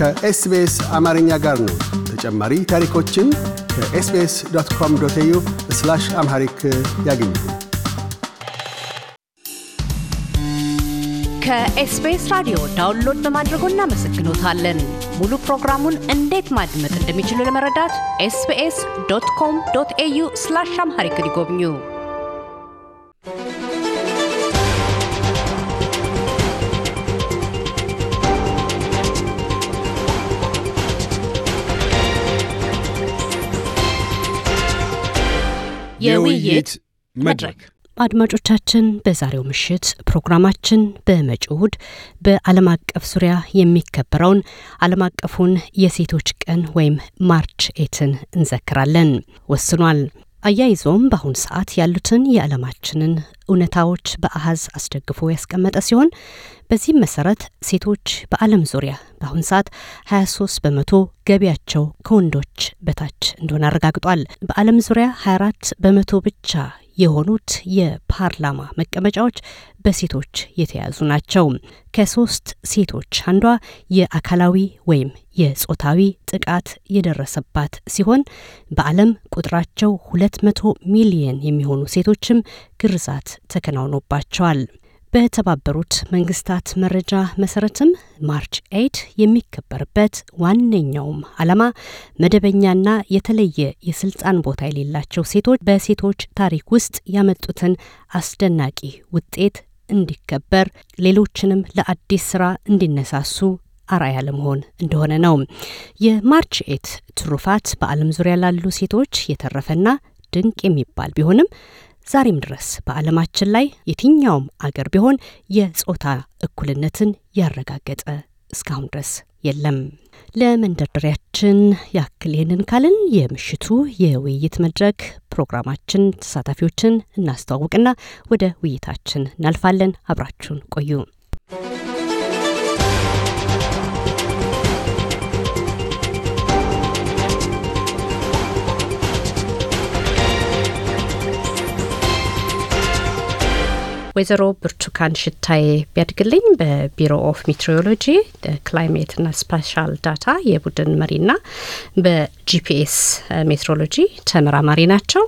ከኤስቤስ አማርኛ ጋር ነው። ተጨማሪ ታሪኮችን ከኤስቤስ ዶት ኮም ዶት ኤዩ አምሃሪክ ያገኙ። ከኤስቤስ ራዲዮ ዳውንሎድ በማድረጎ እናመሰግኖታለን። ሙሉ ፕሮግራሙን እንዴት ማድመጥ እንደሚችሉ ለመረዳት ኤስቤስ ዶት ኮም ዶት ኤዩ አምሃሪክ ይጎብኙ። የውይይት መድረክ አድማጮቻችን በዛሬው ምሽት ፕሮግራማችን በመጪው እሁድ በዓለም አቀፍ ዙሪያ የሚከበረውን ዓለም አቀፉን የሴቶች ቀን ወይም ማርች ኤትን እንዘክራለን ወስኗል። አያይዞም በአሁን ሰዓት ያሉትን የዓለማችንን እውነታዎች በአሀዝ አስደግፎ ያስቀመጠ ሲሆን በዚህም መሰረት ሴቶች በዓለም ዙሪያ በአሁን ሰዓት 23 በመቶ ገቢያቸው ከወንዶች በታች እንደሆነ አረጋግጧል። በዓለም ዙሪያ 24 በመቶ ብቻ የሆኑት የፓርላማ መቀመጫዎች በሴቶች የተያዙ ናቸው። ከሶስት ሴቶች አንዷ የአካላዊ ወይም የጾታዊ ጥቃት የደረሰባት ሲሆን በዓለም ቁጥራቸው ሁለት መቶ ሚሊየን የሚሆኑ ሴቶችም ግርዛት ተከናውኖባቸዋል። በተባበሩት መንግስታት መረጃ መሰረትም ማርች ኤይድ የሚከበርበት ዋነኛውም ዓላማ መደበኛና የተለየ የስልጣን ቦታ የሌላቸው ሴቶች በሴቶች ታሪክ ውስጥ ያመጡትን አስደናቂ ውጤት እንዲከበር፣ ሌሎችንም ለአዲስ ስራ እንዲነሳሱ አርአያ ለመሆን እንደሆነ ነው። የማርች ኤይት ትሩፋት በዓለም ዙሪያ ላሉ ሴቶች የተረፈና ድንቅ የሚባል ቢሆንም ዛሬም ድረስ በዓለማችን ላይ የትኛውም አገር ቢሆን የጾታ እኩልነትን ያረጋገጠ እስካሁን ድረስ የለም። ለመንደርደሪያችን ያክል ይህንን ካልን የምሽቱ የውይይት መድረክ ፕሮግራማችን ተሳታፊዎችን እናስተዋውቅና ወደ ውይይታችን እናልፋለን። አብራችሁን ቆዩ። ወይዘሮ ብርቱካን ሽታዬ ቢያድግልኝ በቢሮ ኦፍ ሜትሮሎጂ ክላይሜትና ስፓሻል ዳታ የቡድን መሪና በጂፒኤስ ሜትሮሎጂ ተመራማሪ ናቸው።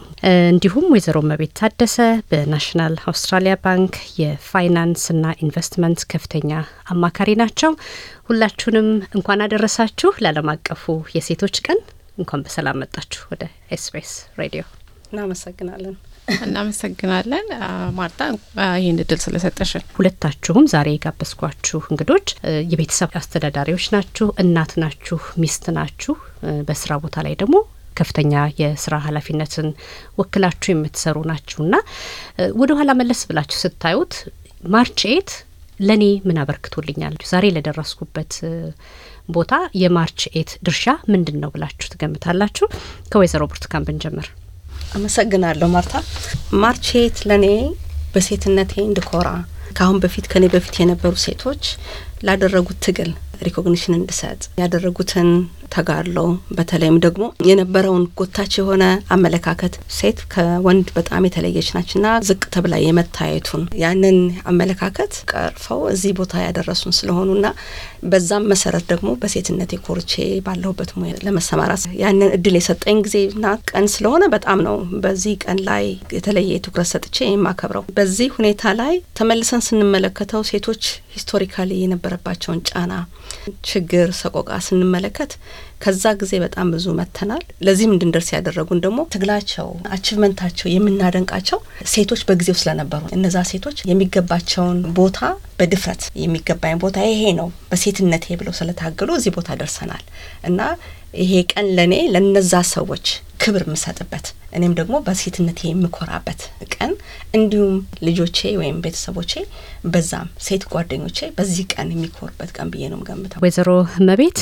እንዲሁም ወይዘሮ መቤት ታደሰ በናሽናል አውስትራሊያ ባንክ የፋይናንስና ኢንቨስትመንት ከፍተኛ አማካሪ ናቸው። ሁላችሁንም እንኳን አደረሳችሁ ለዓለም አቀፉ የሴቶች ቀን። እንኳን በሰላም መጣችሁ ወደ ኤስቢኤስ ሬዲዮ። እናመሰግናለን። እናመሰግናለን ማርታ፣ ይህን እድል ስለሰጠሽን። ሁለታችሁም ዛሬ የጋበዝኳችሁ እንግዶች የቤተሰብ አስተዳዳሪዎች ናችሁ፣ እናት ናችሁ፣ ሚስት ናችሁ። በስራ ቦታ ላይ ደግሞ ከፍተኛ የስራ ኃላፊነትን ወክላችሁ የምትሰሩ ናችሁና ወደ ኋላ መለስ ብላችሁ ስታዩት ማርች ኤት ለእኔ ምን አበርክቶልኛል፣ ዛሬ ለደረስኩበት ቦታ የማርች ኤት ድርሻ ምንድን ነው ብላችሁ ትገምታላችሁ? ከወይዘሮ ብርቱካን ብንጀምር። አመሰግናለሁ ማርታ። ማርቼት ለእኔ በሴትነቴ እንድኮራ ከአሁን በፊት ከኔ በፊት የነበሩ ሴቶች ላደረጉት ትግል ሪኮግኒሽን እንድሰጥ ያደረጉትን ተጋድሎ በተለይም ደግሞ የነበረውን ጎታች የሆነ አመለካከት ሴት ከወንድ በጣም የተለየች ናችና ዝቅ ተብላ የመታየቱን ያንን አመለካከት ቀርፈው እዚህ ቦታ ያደረሱን ስለሆኑና በዛም መሰረት ደግሞ በሴትነት የኮርቼ ባለሁበት ሙያ ለመሰማራት ያንን እድል የሰጠኝ ጊዜና ቀን ስለሆነ በጣም ነው በዚህ ቀን ላይ የተለየ ትኩረት ሰጥቼ የማከብረው። በዚህ ሁኔታ ላይ ተመልሰን ስንመለከተው ሴቶች ሂስቶሪካሊ የነበረባቸውን ጫና ችግር፣ ሰቆቃ ስንመለከት ከዛ ጊዜ በጣም ብዙ መጥተናል። ለዚህም እንድንደርስ ያደረጉን ደግሞ ትግላቸው፣ አቺቭመንታቸው የምናደንቃቸው ሴቶች በጊዜው ስለነበሩ እነዛ ሴቶች የሚገባቸውን ቦታ በድፍረት የሚገባኝ ቦታ ይሄ ነው በሴትነቴ ብለው ስለታገሉ እዚህ ቦታ ደርሰናል እና ይሄ ቀን ለእኔ ለነዛ ሰዎች ክብር የምሰጥበት እኔም ደግሞ በሴትነት የምኮራበት ቀን እንዲሁም ልጆቼ ወይም ቤተሰቦቼ በዛም ሴት ጓደኞቼ በዚህ ቀን የሚኮሩበት ቀን ብዬ ነው ገምተው። ወይዘሮ መቤት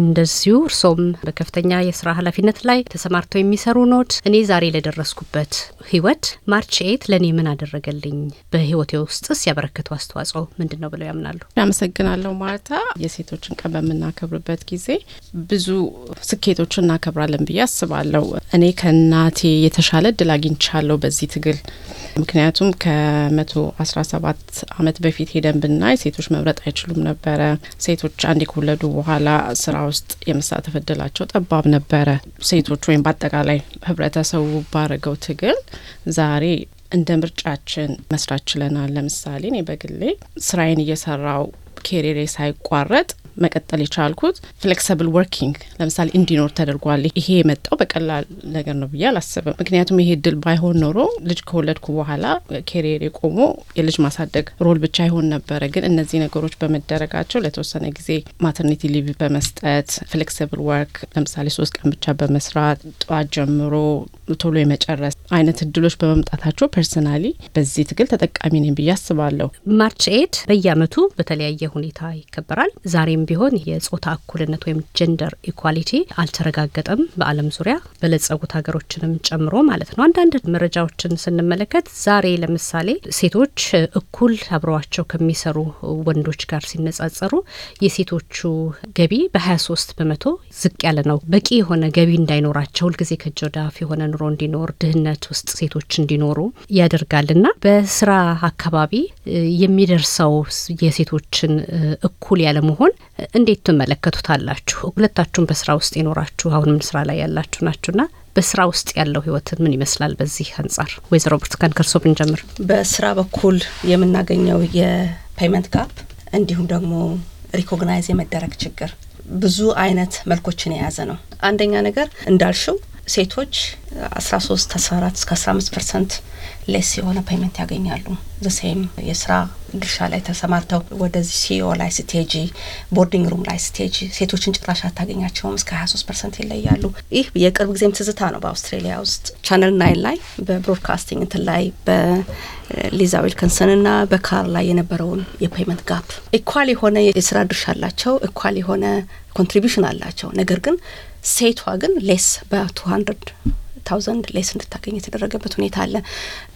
እንደዚሁ እርሶም በከፍተኛ የስራ ኃላፊነት ላይ ተሰማርተው የሚሰሩ ኖት። እኔ ዛሬ ለደረስኩበት ህይወት ማርች ኤት ለእኔ ምን አደረገልኝ፣ በህይወቴ ውስጥስ ያበረከቱ አስተዋጽኦ ምንድን ነው ብለው ያምናሉ? አመሰግናለሁ ማርታ። የሴቶችን ቀን በምናከብርበት ጊዜ ብዙ ስኬቶችን እናከብራለን ብዬ አስባለሁ። እኔ ከእናቴ የተሻለ እድል አግኝቻለሁ በዚህ ትግል። ምክንያቱም ከመቶ አስራ ሰባት አመት በፊት ሄደን ብናይ ሴቶች መምረጥ አይችሉም ነበረ። ሴቶች አንዴ ከወለዱ በኋላ ስራ ውስጥ የመሳተፍ እድላቸው ጠባብ ነበረ። ሴቶች ወይም በአጠቃላይ ህብረተሰቡ ባረገው ትግል ዛሬ እንደ ምርጫችን መስራት ችለናል። ለምሳሌ እኔ በግሌ ስራዬን እየሰራው ኬሬሬ ሳይቋረጥ መቀጠል የቻልኩት ፍሌክሲብል ወርኪንግ ለምሳሌ እንዲኖር ተደርጓል። ይሄ የመጣው በቀላል ነገር ነው ብዬ አላስብም። ምክንያቱም ይሄ እድል ባይሆን ኖሮ ልጅ ከወለድኩ በኋላ ኬሪየር የቆሞ የልጅ ማሳደግ ሮል ብቻ ይሆን ነበረ። ግን እነዚህ ነገሮች በመደረጋቸው ለተወሰነ ጊዜ ማተርኒቲ ሊቭ በመስጠት ፍሌክሲብል ወርክ ለምሳሌ ሶስት ቀን ብቻ በመስራት ጠዋት ጀምሮ ቶሎ የመጨረስ አይነት እድሎች በመምጣታቸው ፐርሰናሊ በዚህ ትግል ተጠቃሚ ነኝ ብዬ አስባለሁ። ማርች ኤድ በየአመቱ በተለያየ ሁኔታ ይከበራል። ዛሬም አሁንም ቢሆን የጾታ እኩልነት ወይም ጀንደር ኢኳሊቲ አልተረጋገጠም፣ በዓለም ዙሪያ በለጸጉት ሀገሮችንም ጨምሮ ማለት ነው። አንዳንድ መረጃዎችን ስንመለከት ዛሬ ለምሳሌ ሴቶች እኩል አብረዋቸው ከሚሰሩ ወንዶች ጋር ሲነጻጸሩ የሴቶቹ ገቢ በ23 በመቶ ዝቅ ያለ ነው። በቂ የሆነ ገቢ እንዳይኖራቸው ሁልጊዜ ከእጅ ወደ አፍ የሆነ ኑሮ እንዲኖር፣ ድህነት ውስጥ ሴቶች እንዲኖሩ ያደርጋልና በስራ አካባቢ የሚደርሰው የሴቶችን እኩል ያለመሆን እንዴት ትመለከቱታላችሁ? ሁለታችሁም በስራ ውስጥ የኖራችሁ አሁንም ስራ ላይ ያላችሁ ናችሁና በስራ ውስጥ ያለው ህይወት ምን ይመስላል? በዚህ አንጻር ወይዘሮ ብርቱካን ከርሶ ብንጀምር። በስራ በኩል የምናገኘው የፔመንት ጋፕ እንዲሁም ደግሞ ሪኮግናይዝ የመደረግ ችግር ብዙ አይነት መልኮችን የያዘ ነው። አንደኛ ነገር እንዳልሽው ሴቶች 13 14 እስከ 15 ፐርሰንት ሌስ የሆነ ፔመንት ያገኛሉ። ዘሴም የስራ ድርሻ ላይ ተሰማርተው ወደዚህ ሲኦ e ላይ ስቴጂ ቦርዲንግ ሩም ላይ ስቴጂ ሴቶችን ጭራሽ አታገኛቸውም። እስከ 23 ፐርሰንት ይለያሉ። ይህ የቅርብ ጊዜም ትዝታ ነው። በአውስትሬሊያ ውስጥ ቻነል ናይን ላይ በብሮድካስቲንግ እንትን ላይ በሊዛ ዊልኪንሰን እና በካር ላይ የነበረውን የፔመንት ጋፕ ኢኳል የሆነ የስራ ድርሻ አላቸው፣ ኢኳል የሆነ ኮንትሪቢሽን አላቸው። ነገር ግን ሴቷ ግን ሌስ በ200 ታውዘንድ ሌስ እንድታገኝ የተደረገበት ሁኔታ አለ።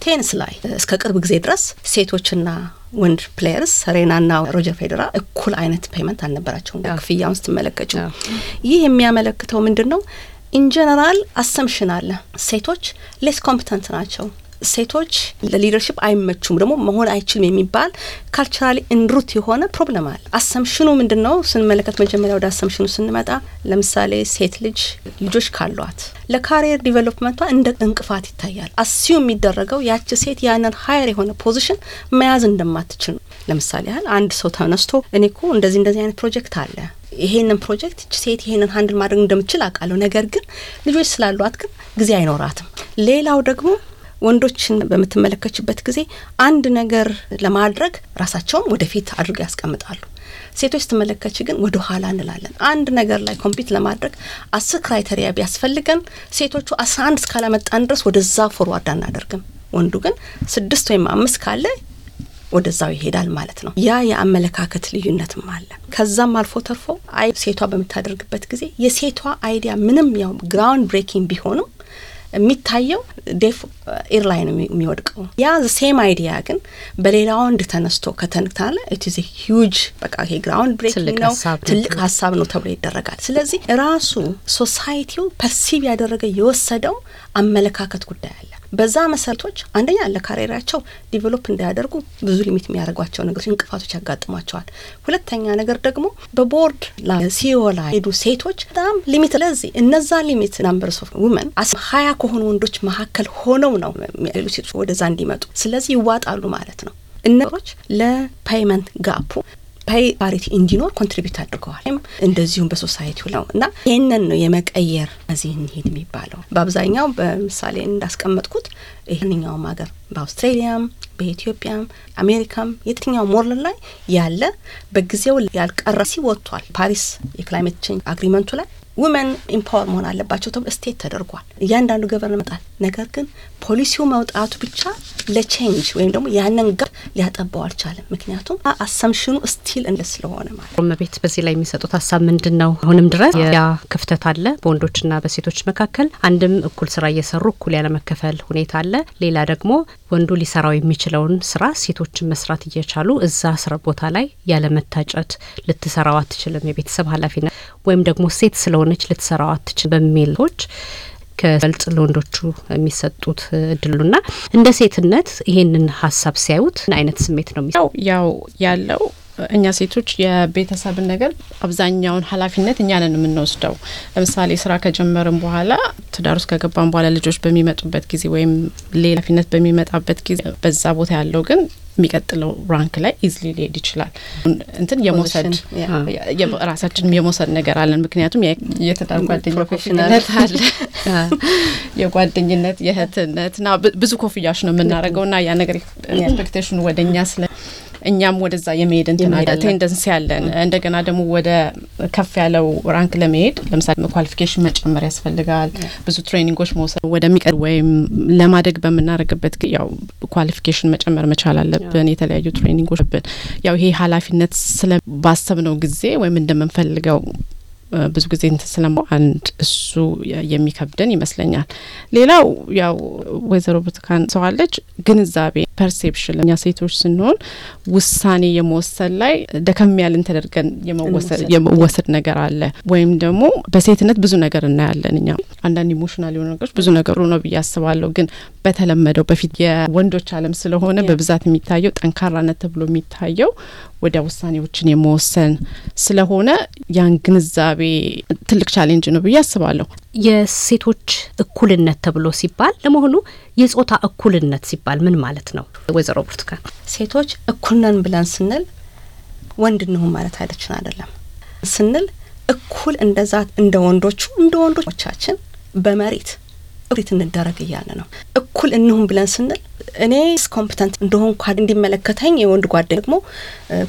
ቴኒስ ላይ እስከ ቅርብ ጊዜ ድረስ ሴቶችና ወንድ ፕሌየርስ ሬናና ሮጀር ፌዴራ እኩል አይነት ፔመንት አልነበራቸውም። ክፍያውን ስትመለከቱ ይህ የሚያመለክተው ምንድን ነው? ኢንጀነራል አሰምሽን አለ። ሴቶች ሌስ ኮምፕተንት ናቸው ሴቶች ለሊደርሽፕ አይመቹም ደግሞ መሆን አይችልም የሚባል ካልቸራሊ እንሩት የሆነ ፕሮብለም አለ። አሰምሽኑ ምንድን ነው ስንመለከት፣ መጀመሪያ ወደ አሰምሽኑ ስንመጣ ለምሳሌ ሴት ልጅ ልጆች ካሏት ለካሪየር ዲቨሎፕመንቷ እንደ እንቅፋት ይታያል። አስዩ የሚደረገው ያቺ ሴት ያንን ሀየር የሆነ ፖዚሽን መያዝ እንደማትችል ነው። ለምሳሌ ያህል አንድ ሰው ተነስቶ እኔ ኮ እንደዚህ እንደዚህ አይነት ፕሮጀክት አለ ይሄንን ፕሮጀክት እች ሴት ይሄንን ሀንድል ማድረግ እንደምችል አውቃለሁ፣ ነገር ግን ልጆች ስላሏት ግን ጊዜ አይኖራትም። ሌላው ደግሞ ወንዶችን በምትመለከችበት ጊዜ አንድ ነገር ለማድረግ ራሳቸውም ወደፊት አድርገው ያስቀምጣሉ። ሴቶች ስትመለከች ግን ወደ ኋላ እንላለን። አንድ ነገር ላይ ኮምፒት ለማድረግ አስር ክራይተሪያ ቢያስፈልገን ሴቶቹ አስራ አንድ እስካላመጣን ድረስ ወደዛ ፎርዋርድ አናደርግም። ወንዱ ግን ስድስት ወይም አምስት ካለ ወደዛው ይሄዳል ማለት ነው። ያ የአመለካከት ልዩነትም አለ። ከዛም አልፎ ተርፎ አይ ሴቷ በምታደርግበት ጊዜ የሴቷ አይዲያ ምንም ያው ግራውንድ ብሬኪንግ ቢሆንም የሚታየው ዴፍ ኤር ላይ ነው የሚወድቀው። ያ ሴም አይዲያ ግን ወንድ ተነስቶ ከተንክታለ ኢትዝ ሂውጅ በቃ ግራውንድ ብሬክ ነው ትልቅ ሀሳብ ነው ተብሎ ይደረጋል። ስለዚህ ራሱ ሶሳይቲው ፐርሲቭ ያደረገ የወሰደው አመለካከት ጉዳይ አለ። በዛ መሰረቶች አንደኛ ለካሪራቸው ዲቨሎፕ እንዳያደርጉ ብዙ ሊሚት የሚያደርጓቸው ነገሮች እንቅፋቶች ያጋጥሟቸዋል። ሁለተኛ ነገር ደግሞ በቦርድ ላይ ሲዮ ላይ ሄዱ ሴቶች በጣም ሊሚት ለዚህ እነዛ ሊሚት ናምበር ሶፍ ውመን ሀያ ከሆኑ ወንዶች መካከል ሆነው ነው የሚያሉ ሴቶች ወደዛ እንዲመጡ ስለዚህ ይዋጣሉ ማለት ነው እነሮች ለፓይመንት ጋፑ ፓይ ፓሪቲ እንዲኖር ኮንትሪቢዩት አድርገዋል። እንደዚሁም በሶሳይቲው ነው እና ይህንን ነው የመቀየር እዚህ እንሄድ የሚባለው በአብዛኛው በምሳሌ እንዳስቀመጥኩት ይህንኛውም ሀገር በአውስትሬሊያም በኢትዮጵያም አሜሪካም የትኛው ሞርል ላይ ያለ በጊዜው ያልቀረ ሲ ወጥቷል። ፓሪስ የክላይሜት ቼንጅ አግሪመንቱ ላይ ውመን ኢምፓወር መሆን አለባቸው ተብሎ ስቴት ተደርጓል። እያንዳንዱ ገበር መጣል። ነገር ግን ፖሊሲው መውጣቱ ብቻ ለቼንጅ ወይም ደግሞ ያንን ጋር ሊያጠባው አልቻለም። ምክንያቱም አሰምሽኑ ስቲል እንደ ስለሆነ ማለት ቤት በዚህ ላይ የሚሰጡት ሀሳብ ምንድን ነው? አሁንም ድረስ ያ ክፍተት አለ በወንዶችና በሴቶች መካከል። አንድም እኩል ስራ እየሰሩ እኩል ያለመከፈል ሁኔታ አለ። ሌላ ደግሞ ወንዱ ሊሰራው የሚችለውን ስራ ሴቶችን መስራት እየቻሉ እዛ ስራ ቦታ ላይ ያለመታጨት፣ ልትሰራው አትችልም፣ የቤተሰብ ኃላፊነት ወይም ደግሞ ሴት ስለሆነች ልትሰራው አትችል በሚሎች ከበልጥ ለወንዶቹ የሚሰጡት እድሉና እንደ ሴትነት ይሄንን ሀሳብ ሲያዩት አይነት ስሜት ነው የሚሰው ያው ያለው እኛ ሴቶች የቤተሰብን ነገር አብዛኛውን ኃላፊነት እኛ ነን የምንወስደው። ለምሳሌ ስራ ከጀመርን በኋላ ትዳር ውስጥ ከገባን በኋላ ልጆች በሚመጡበት ጊዜ ወይም ሌላ ኃላፊነት በሚመጣበት ጊዜ በዛ ቦታ ያለው ግን የሚቀጥለው ራንክ ላይ ኢዝሊ ሊሄድ ይችላል። እንትን የመውሰድ ራሳችን የመውሰድ ነገር አለን። ምክንያቱም የትዳር ጓደኝነት አለ፣ የጓደኝነት የእህትነት ና ብዙ ኮፍያሽ ነው የምናደርገው ና ያ ነገር ኤክስፔክቴሽኑ ወደ እኛ ስለ እኛም ወደዛ የመሄድ እንትናለ ያለን እንደገና ደግሞ ወደ ከፍ ያለው ራንክ ለመሄድ ለምሳሌ ኳሊፊኬሽን መጨመር ያስፈልጋል። ብዙ ትሬኒንጎች መውሰድ ወደሚቀር ወይም ለማደግ በምናደርግበት ያው ኳሊፊኬሽን መጨመር መቻል አለብን። የተለያዩ ትሬኒንጎች ብን ያው ይሄ ሀላፊነት ስለ ባሰብነው ጊዜ ወይም እንደምንፈልገው ብዙ ጊዜ እንትን ስለማ አንድ እሱ የሚከብደን ይመስለኛል። ሌላው ያው ወይዘሮ ብርቱካን ሰዋለች ግንዛቤ ፐርሴፕሽን እኛ ሴቶች ስንሆን ውሳኔ የመወሰን ላይ ደከም ያልን ተደርገን የመወሰድ ነገር አለ። ወይም ደግሞ በሴትነት ብዙ ነገር እናያለን እኛ አንዳንድ ኢሞሽናል የሆኑ ነገሮች ብዙ ነገሩ ነው ብዬ አስባለሁ። ግን በተለመደው በፊት የወንዶች ዓለም ስለሆነ በብዛት የሚታየው ጠንካራነት ተብሎ የሚታየው ወደ ውሳኔዎችን የመወሰን ስለሆነ ያን ግንዛቤ ትልቅ ቻሌንጅ ነው ብዬ አስባለሁ። የሴቶች እኩልነት ተብሎ ሲባል ለመሆኑ የጾታ እኩልነት ሲባል ምን ማለት ነው? ወይዘሮ ብርቱካን ሴቶች እኩልነን ብለን ስንል ወንድ እንሁን ማለት አይደችን አይደለም ስንል እኩል እንደዛ እንደ ወንዶቹ እንደ ወንዶቻችን በመሬት እኩል እንደረግ እያለ ነው። እኩል እንሁን ብለን ስንል እኔ ኮምፕተንት እንደሆንኩ እንዲመለከተኝ የወንድ ጓደኝ ደግሞ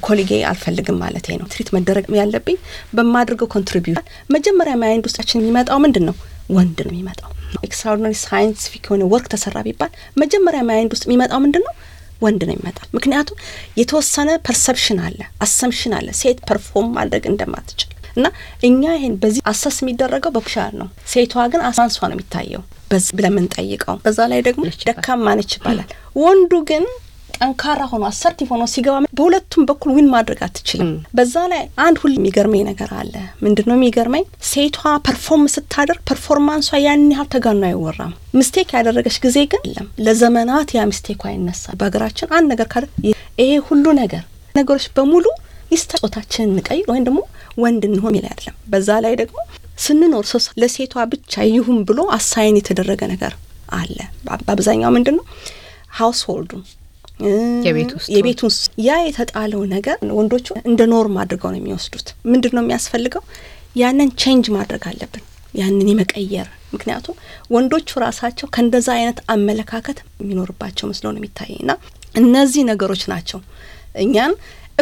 ኮሊጌ አልፈልግም ማለት ነው። ትሪት መደረግ ያለብኝ በማድርገው ኮንትሪቢዩት መጀመሪያ ማይንድ ውስጣችን የሚመጣው ምንድን ነው? ወንድ ነው የሚመጣው። ኤክስትራኦርዲናሪ ሳይንቲፊክ የሆነ ወርክ ተሰራ ቢባል መጀመሪያ ማይንድ ውስጥ የሚመጣው ምንድን ነው? ወንድ ነው ይመጣል። ምክንያቱም የተወሰነ ፐርሰፕሽን አለ፣ አሰምሽን አለ ሴት ፐርፎርም ማድረግ እንደማትችል እና እኛ ይህን በዚህ አሰስ የሚደረገው በፑሻር ነው። ሴቷ ግን አሳንሷ ነው የሚታየው ብለምን ጠይቀው በዛ ላይ ደግሞ ደካማ ነች ይባላል። ወንዱ ግን ጠንካራ ሆኖ አሰርቲቭ ሆኖ ሲገባ በሁለቱም በኩል ዊን ማድረግ አትችልም። በዛ ላይ አንድ ሁሉ የሚገርመኝ ነገር አለ። ምንድን ነው የሚገርመኝ? ሴቷ ፐርፎርም ስታደርግ ፐርፎርማንሷ ያን ያህል ተጋኖ አይወራም። ምስቴክ ያደረገች ጊዜ ግን የለም፣ ለዘመናት ያ ምስቴኩ ይነሳል። በሀገራችን አንድ ነገር ካለ ይሄ ሁሉ ነገር ነገሮች በሙሉ ይስታ ጾታችንን እንቀይር ወይም ደግሞ ወንድ እንሆን የሚል አይደለም። በዛ ላይ ደግሞ ስንኖር ሰው ለሴቷ ብቻ ይሁን ብሎ አሳይን የተደረገ ነገር አለ። በአብዛኛው ምንድን ነው ሀውስሆልዱ የቤት ውስጥ ያ የተጣለው ነገር ወንዶቹ እንደ ኖርም አድርገው ነው የሚወስዱት። ምንድን ነው የሚያስፈልገው? ያንን ቼንጅ ማድረግ አለብን፣ ያንን የመቀየር ምክንያቱም ወንዶቹ ራሳቸው ከእንደዛ አይነት አመለካከት የሚኖርባቸው መስሎ ነው የሚታየኝ እና እነዚህ ነገሮች ናቸው እኛን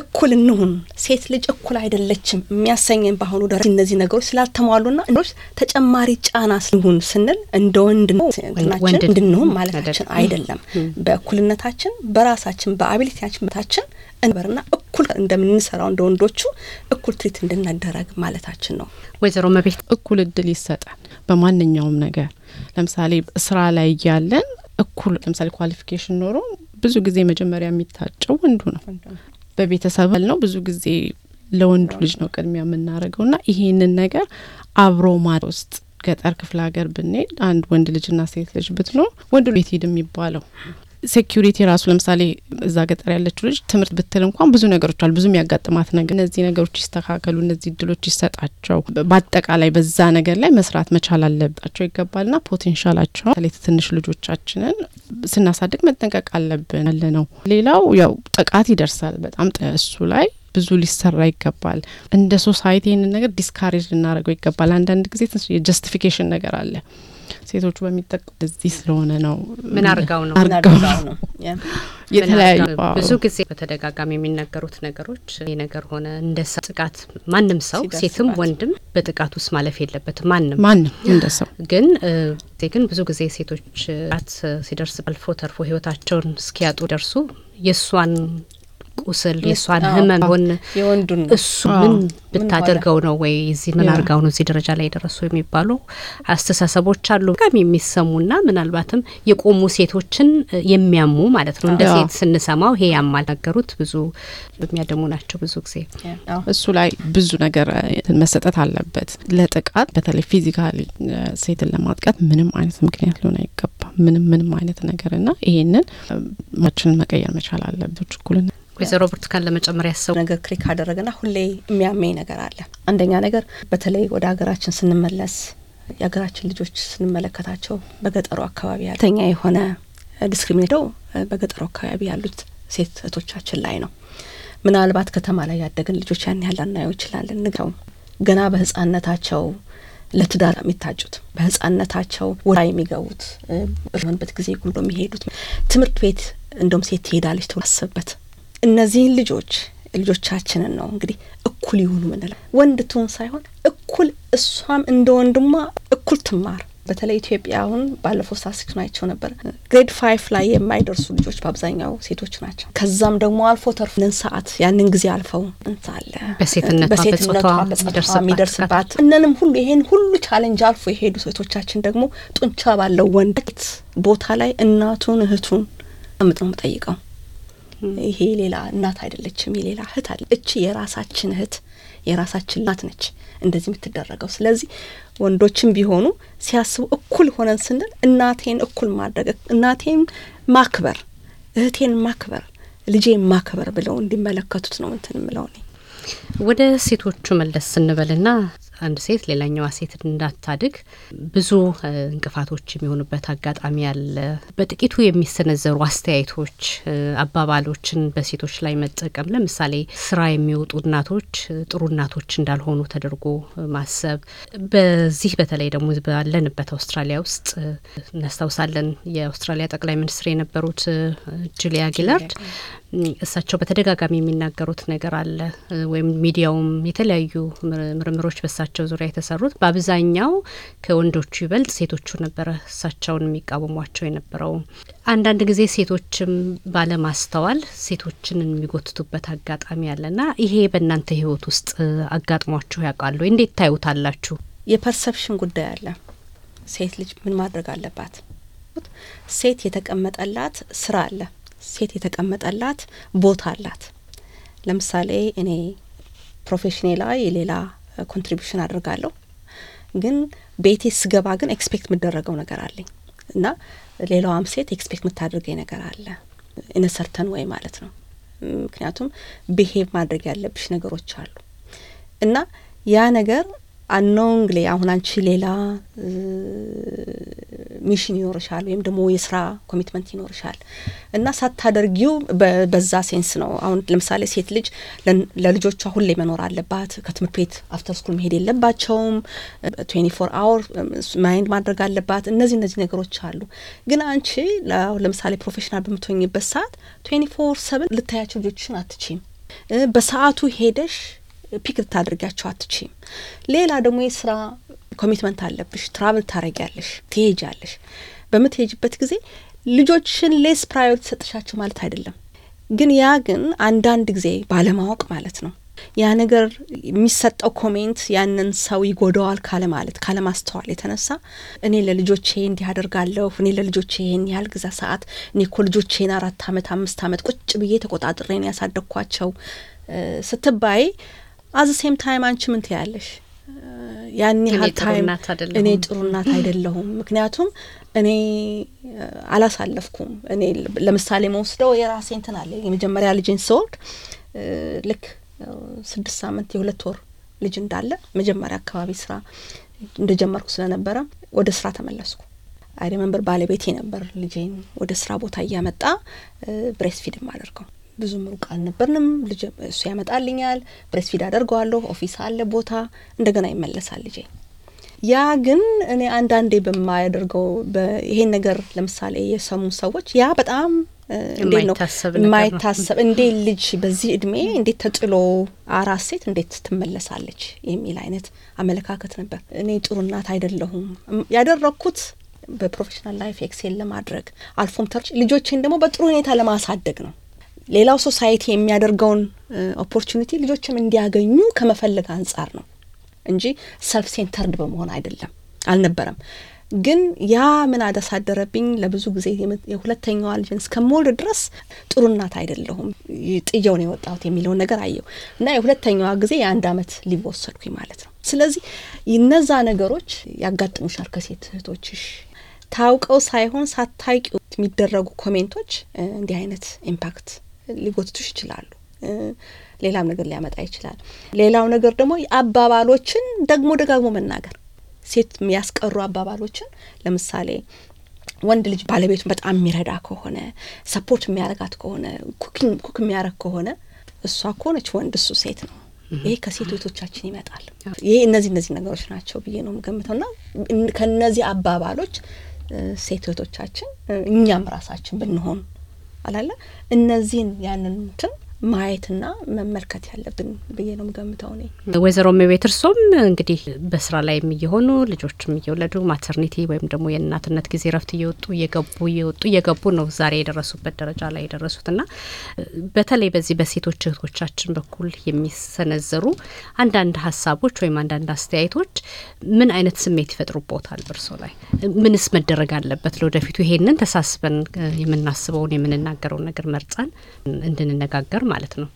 እኩል እንሁን፣ ሴት ልጅ እኩል አይደለችም የሚያሰኝን በአሁኑ ደረ እነዚህ ነገሮች ስላልተሟሉና እንዶች ተጨማሪ ጫና ስንሁን ስንል እንደ ወንድ ናችን እንድንሁን ማለታችን አይደለም። በእኩልነታችን በራሳችን በአቢሊቲያችን ታችን እንበርና እኩል እንደምንሰራው እንደ ወንዶቹ እኩል ትሪት እንድናደረግ ማለታችን ነው። ወይዘሮ መቤት እኩል እድል ይሰጣል በማንኛውም ነገር ለምሳሌ ስራ ላይ እያለን እኩል ለምሳሌ ኳሊፊኬሽን ኖሮ ብዙ ጊዜ መጀመሪያ የሚታጨው ወንዱ ነው። በቤተሰብ ነው ብዙ ጊዜ ለወንዱ ልጅ ነው ቅድሚያ የምናደርገው ና ይሄንን ነገር አብሮ ማ ውስጥ ገጠር ክፍለ ሀገር ብንሄድ አንድ ወንድ ልጅና ሴት ልጅ ብትኖር ወንዱ ቤት ሄድ የሚባለው ሴኪሪቲ ራሱ ለምሳሌ እዛ ገጠር ያለችው ልጅ ትምህርት ብትል እንኳን ብዙ ነገሮች አሉ፣ ብዙ የሚያጋጥማት ነገር። እነዚህ ነገሮች ይስተካከሉ፣ እነዚህ እድሎች ይሰጣቸው፣ በአጠቃላይ በዛ ነገር ላይ መስራት መቻል አለባቸው ይገባልና ፖቴንሻላቸው በተለይ ትንሽ ልጆቻችንን ስናሳድግ መጠንቀቅ አለብን ያለ ነው። ሌላው ያው ጥቃት ይደርሳል በጣም እሱ ላይ ብዙ ሊሰራ ይገባል። እንደ ሶሳይቲ ይህንን ነገር ዲስካሬጅ ልናደርገው ይገባል። አንዳንድ ጊዜ የጀስቲፊኬሽን ነገር አለ ሴቶቹ በሚጠቁ እዚህ ስለሆነ ነው። ምን አርጋው ነው አርጋው ነው የተለያዩ ብዙ ጊዜ በተደጋጋሚ የሚነገሩት ነገሮች ይህ ነገር ሆነ እንደ ሰው ጥቃት ማንም ሰው ሴትም ወንድም በጥቃት ውስጥ ማለፍ የለበትም። ማንም ማንም እንደ ሰው ግን ግን ብዙ ጊዜ ሴቶች ጥቃት ሲደርስ አልፎ ተርፎ ህይወታቸውን እስኪያጡ ደርሱ የእሷን ቁስል የእሷን ህመም ሆን የወንዱን እሱ ምን ብታደርገው ነው ወይ እዚህ ምን አርጋው ነው እዚህ ደረጃ ላይ የደረሱ የሚባሉ አስተሳሰቦች አሉ። በጣም የሚሰሙና ምናልባትም የቆሙ ሴቶችን የሚያሙ ማለት ነው። እንደ ሴት ስንሰማው ይሄ ያማል ነገሩት ብዙ የሚያደሙ ናቸው። ብዙ ጊዜ እሱ ላይ ብዙ ነገር መሰጠት አለበት። ለጥቃት በተለይ ፊዚካሊ ሴትን ለማጥቃት ምንም አይነት ምክንያት ሊሆን አይገባም። ምንም ምንም አይነት ነገር እና ይሄንን ማችንን መቀየር መቻል አለብን። እኩልና ወይዘሮ ብርቱካን ለመጨመር ያሰቡ ነገር ክሪክ አደረገና ሁሌ የሚያመኝ ነገር አለ። አንደኛ ነገር በተለይ ወደ ሀገራችን ስንመለስ የሀገራችን ልጆች ስንመለከታቸው በገጠሩ አካባቢ ተኛ የሆነ ዲስክሪሚኔተው በገጠሩ አካባቢ ያሉት ሴት እህቶቻችን ላይ ነው። ምናልባት ከተማ ላይ ያደግን ልጆች ያን ያህል አናየው ይችላለን። ንገው ገና በህጻነታቸው ለትዳር የሚታጩት በህጻነታቸው ወራ ሆንበት ጊዜ ጉንዶ የሚሄዱት ትምህርት ቤት እንደም ሴት ትሄዳለች ተብሎ አስብበት እነዚህን ልጆች ልጆቻችንን ነው እንግዲህ እኩል ይሁኑ ምንለ ወንድ ትሁን ሳይሆን እኩል እሷም እንደ ወንድሟ እኩል ትማር። በተለይ ኢትዮጵያ አሁን ባለፈው ሳስክ ናቸው ነበር ግሬድ ፋይፍ ላይ የማይደርሱ ልጆች በአብዛኛው ሴቶች ናቸው። ከዛም ደግሞ አልፎ ተርፎ ንን ሰዓት ያንን ጊዜ አልፈው እንሳለ በሴትነቷ በጾታ የሚደርስባት እነንም ሁሉ ይሄን ሁሉ ቻለንጅ አልፎ የሄዱ ሴቶቻችን ደግሞ ጡንቻ ባለው ወንድ ቦታ ላይ እናቱን እህቱን ምጥ ነው የምጠይቀው ይሄ ሌላ እናት አይደለችም፣ የሌላ እህት አለ። እቺ የራሳችን እህት የራሳችን እናት ነች እንደዚህ የምትደረገው። ስለዚህ ወንዶችም ቢሆኑ ሲያስቡ እኩል ሆነን ስንል እናቴን እኩል ማድረግ፣ እናቴን ማክበር፣ እህቴን ማክበር፣ ልጄን ማክበር ብለው እንዲመለከቱት ነው እንትን ምለው። ወደ ሴቶቹ መለስ ስንበልና አንድ ሴት ሌላኛዋ ሴት እንዳታድግ ብዙ እንቅፋቶች የሚሆኑበት አጋጣሚ አለ። በጥቂቱ የሚሰነዘሩ አስተያየቶች፣ አባባሎችን በሴቶች ላይ መጠቀም ለምሳሌ ስራ የሚወጡ እናቶች ጥሩ እናቶች እንዳልሆኑ ተደርጎ ማሰብ። በዚህ በተለይ ደግሞ ባለንበት አውስትራሊያ ውስጥ እናስታውሳለን የአውስትራሊያ ጠቅላይ ሚኒስትር የነበሩት ጁሊያ ጊላርድ እሳቸው በተደጋጋሚ የሚናገሩት ነገር አለ ወይም ሚዲያውም የተለያዩ ምርምሮች በእሳቸው ዙሪያ የተሰሩት በአብዛኛው ከወንዶቹ ይበልጥ ሴቶቹ ነበረ እሳቸውን የሚቃወሟቸው የነበረው። አንዳንድ ጊዜ ሴቶችም ባለማስተዋል ሴቶችን የሚጎትቱበት አጋጣሚ አለና ይሄ በእናንተ ህይወት ውስጥ አጋጥሟችሁ ያውቃሉ? እንዴት ታዩታላችሁ? የፐርሰፕሽን ጉዳይ አለ። ሴት ልጅ ምን ማድረግ አለባት? ሴት የተቀመጠላት ስራ አለ ሴት የተቀመጠላት ቦታ አላት። ለምሳሌ እኔ ፕሮፌሽኔ ላይ ሌላ ኮንትሪቢሽን አድርጋለሁ፣ ግን ቤቴ ስገባ ግን ኤክስፔክት የምደረገው ነገር አለኝ እና ሌላዋም ሴት ኤክስፔክት የምታደርገኝ ነገር አለ ኢነሰርተን ወይ ማለት ነው። ምክንያቱም ቢሄቭ ማድረግ ያለብሽ ነገሮች አሉ እና ያ ነገር አኖንግሊ አሁን አንቺ ሌላ ሚሽን ይኖርሻል ወይም ደግሞ የስራ ኮሚትመንት ይኖርሻል እና ሳታደርጊው በዛ ሴንስ ነው። አሁን ለምሳሌ ሴት ልጅ ለልጆቿ ሁሌ መኖር አለባት። ከትምህርት ቤት አፍተር ስኩል መሄድ የለባቸውም። ትዌንቲ ፎር አወር ማይንድ ማድረግ አለባት። እነዚህ እነዚህ ነገሮች አሉ። ግን አንቺ ለምሳሌ ፕሮፌሽናል በምትሆኝበት ሰዓት ትዌንቲ ፎር ሰብን ልታያቸው ልጆችን አትችም። በሰዓቱ ሄደሽ ፒክ ልታደርጋቸው አትችም። ሌላ ደግሞ የስራ ኮሚትመንት አለብሽ፣ ትራቭል ታረጊያለሽ፣ ትሄጃለሽ። በምትሄጅበት ጊዜ ልጆችን ሌስ ፕራዮሪቲ ሰጥሻቸው ማለት አይደለም። ግን ያ ግን አንዳንድ ጊዜ ባለማወቅ ማለት ነው ያ ነገር የሚሰጠው ኮሜንት ያንን ሰው ይጎዳዋል ካለ ማለት ካለማስተዋል የተነሳ እኔ ለልጆቼ እንዲህ አደርጋለሁ፣ እኔ ለልጆቼ ይህን ያህል ግዛ ሰዓት፣ እኔ እኮ ልጆቼን አራት አመት አምስት አመት ቁጭ ብዬ ተቆጣጥሬን ያሳደግኳቸው ስትባይ አዘ ሴም ታይም አንቺ ምን ትያለሽ? ያን ያህል ታይም እኔ ጥሩ እናት አይደለሁም፣ ምክንያቱም እኔ አላሳለፍኩም። እኔ ለምሳሌ መወስደው የራሴ እንትን አለ። የመጀመሪያ ልጅን ስወልድ ልክ ስድስት ሳምንት የሁለት ወር ልጅ እንዳለ መጀመሪያ አካባቢ ስራ እንደጀመርኩ ስለነበረ ወደ ስራ ተመለስኩ። አይ ሪመምበር ባለቤቴ ነበር ልጄን ወደ ስራ ቦታ እያመጣ ብሬስፊድ አደርገው። ብዙም ሩቅ አልነበርንም። ልጅ እሱ ያመጣልኛል፣ ብሬስፊድ አደርገዋለሁ። ኦፊስ አለ ቦታ፣ እንደገና ይመለሳል ልጄ። ያ ግን እኔ አንዳንዴ በማያደርገው ይሄን ነገር ለምሳሌ የሰሙ ሰዎች ያ በጣም እንዴት ነው የማይታሰብ ልጅ በዚህ እድሜ እንዴት ተጥሎ አራስ ሴት እንዴት ትመለሳለች የሚል አይነት አመለካከት ነበር። እኔ ጥሩ እናት አይደለሁም ያደረግኩት በፕሮፌሽናል ላይፍ ኤክሴል ለማድረግ አልፎም ተርች ልጆችን ደግሞ በጥሩ ሁኔታ ለማሳደግ ነው። ሌላው ሶሳይቲ የሚያደርገውን ኦፖርቹኒቲ ልጆችም እንዲያገኙ ከመፈለግ አንጻር ነው እንጂ ሰልፍ ሴንተርድ በመሆን አይደለም አልነበረም። ግን ያ ምን አደሳደረብኝ ለብዙ ጊዜ የሁለተኛዋ ልጅን እስከምወልድ ድረስ ጥሩ እናት አይደለሁም ጥየውን የወጣሁት የሚለውን ነገር አየው እና የሁለተኛዋ ጊዜ የአንድ አመት ሊቭ ወሰድኩኝ ማለት ነው። ስለዚህ እነዛ ነገሮች ያጋጥሙሻል ከሴት እህቶችሽ ታውቀው ሳይሆን ሳታውቂው የሚደረጉ ኮሜንቶች እንዲህ አይነት ኢምፓክት ሊጎትቱሽ ይችላሉ። ሌላም ነገር ሊያመጣ ይችላል። ሌላው ነገር ደግሞ አባባሎችን ደግሞ ደጋግሞ መናገር፣ ሴት የሚያስቀሩ አባባሎችን ለምሳሌ ወንድ ልጅ ባለቤቱን በጣም የሚረዳ ከሆነ ሰፖርት የሚያረጋት ከሆነ ኩክ የሚያረግ ከሆነ እሷ ከሆነች ወንድ እሱ ሴት ነው። ይሄ ከሴት ቤቶቻችን ይመጣል። ይሄ እነዚህ እነዚህ ነገሮች ናቸው ብዬ ነው የምገምተው ና ከእነዚህ አባባሎች ሴት ቤቶቻችን እኛም ራሳችን ብንሆን አላለ እነዚህን ያንን እንትን ማየትና መመልከት ያለብን ብዬ ነው ምገምተው። ኔ ወይዘሮ ሜቤት እርሶም እንግዲህ በስራ ላይ የሚየሆኑ ልጆችም እየወለዱ ማተርኒቲ ወይም ደግሞ የእናትነት ጊዜ ረፍት እየወጡ እየገቡ እየወጡ እየገቡ ነው ዛሬ የደረሱበት ደረጃ ላይ የደረሱት ና በተለይ በዚህ በሴቶች እህቶቻችን በኩል የሚሰነዘሩ አንዳንድ ሀሳቦች ወይም አንዳንድ አስተያየቶች ምን አይነት ስሜት ይፈጥሩቦታል? እርሶ ላይ ምንስ መደረግ አለበት? ለወደፊቱ ይሄንን ተሳስበን የምናስበውን የምንናገረውን ነገር መርጸን እንድንነጋገር ማለት ነው?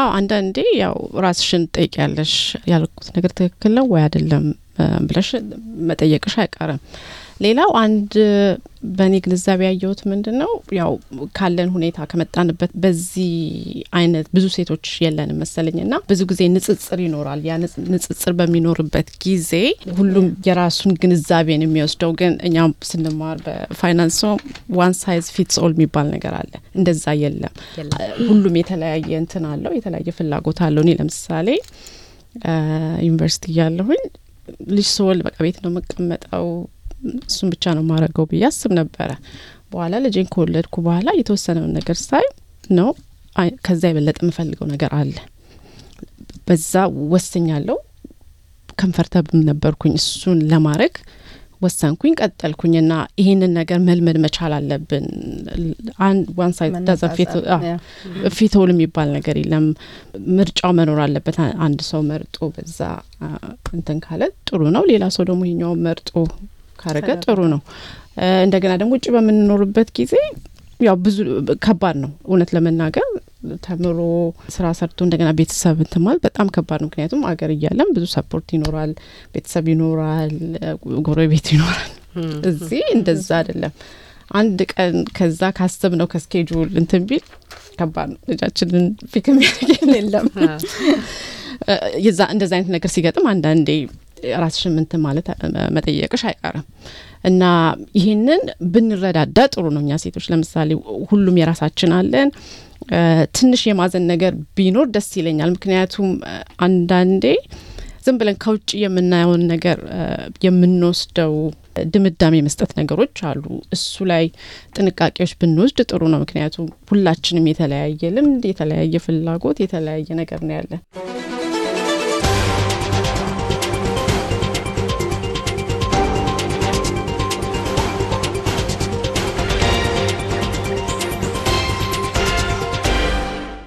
አዎ አንዳንዴ ያው ራስሽን ትጠይቂያለሽ። ያልኩት ነገር ትክክል ነው ወይ አይደለም ብለሽ መጠየቅሽ አይቀርም። ሌላው አንድ በእኔ ግንዛቤ ያየሁት ምንድን ነው ያው ካለን ሁኔታ ከመጣንበት በዚህ አይነት ብዙ ሴቶች የለን መሰለኝ ና ብዙ ጊዜ ንጽጽር ይኖራል። ያ ንጽጽር በሚኖርበት ጊዜ ሁሉም የራሱን ግንዛቤን የሚወስደው ግን እኛም ስንማር በፋይናንስ ዋን ሳይዝ ፊትስ ኦል የሚባል ነገር አለ። እንደዛ የለም። ሁሉም የተለያየ እንትን አለው፣ የተለያየ ፍላጎት አለው። እኔ ለምሳሌ ዩኒቨርሲቲ እያለሁኝ ልጅ ስወልድ በቃ ቤት ነው መቀመጠው እሱን ብቻ ነው ማረገው ብዬ አስብ ነበረ። በኋላ ልጄን ከወለድኩ በኋላ የተወሰነውን ነገር ሳይ ነው ከዛ የበለጠ የምፈልገው ነገር አለ። በዛ ወስኛለው ከንፈርተብም ነበርኩኝ እሱን ለማድረግ ወሰንኩኝ፣ ቀጠልኩኝ ይህንን ነገር መልመድ መቻል አለብን። ዋን ሳይዝ ዳዘንት የሚባል ነገር የለም። ምርጫው መኖር አለበት። አንድ ሰው መርጦ በዛ እንትን ካለ ጥሩ ነው። ሌላ ሰው ደግሞ ይኛው መርጦ ካረገ ጥሩ ነው። እንደገና ደግሞ ውጭ በምንኖርበት ጊዜ ያው ብዙ ከባድ ነው እውነት ለመናገር ተምሮ ስራ ሰርቶ እንደገና ቤተሰብ እንትማል በጣም ከባድ ነው። ምክንያቱም አገር እያለም ብዙ ሰፖርት ይኖራል፣ ቤተሰብ ይኖራል፣ ጎረቤት ይኖራል። እዚህ እንደዛ አይደለም። አንድ ቀን ከዛ ካስብ ነው ከስኬጁል እንትን ቢል ከባድ ነው። ልጃችንን ፊክ የሚያደርገን የለም። እንደዛ አይነት ነገር ሲገጥም አንዳንዴ ራስሽም እንትን ማለት መጠየቅሽ አይቀርም እና ይህንን ብንረዳዳ ጥሩ ነው። እኛ ሴቶች ለምሳሌ ሁሉም የራሳችን አለን። ትንሽ የማዘን ነገር ቢኖር ደስ ይለኛል። ምክንያቱም አንዳንዴ ዝም ብለን ከውጭ የምናየውን ነገር የምንወስደው ድምዳሜ መስጠት ነገሮች አሉ። እሱ ላይ ጥንቃቄዎች ብንወስድ ጥሩ ነው። ምክንያቱም ሁላችንም የተለያየ ልምድ፣ የተለያየ ፍላጎት፣ የተለያየ ነገር ነው ያለን።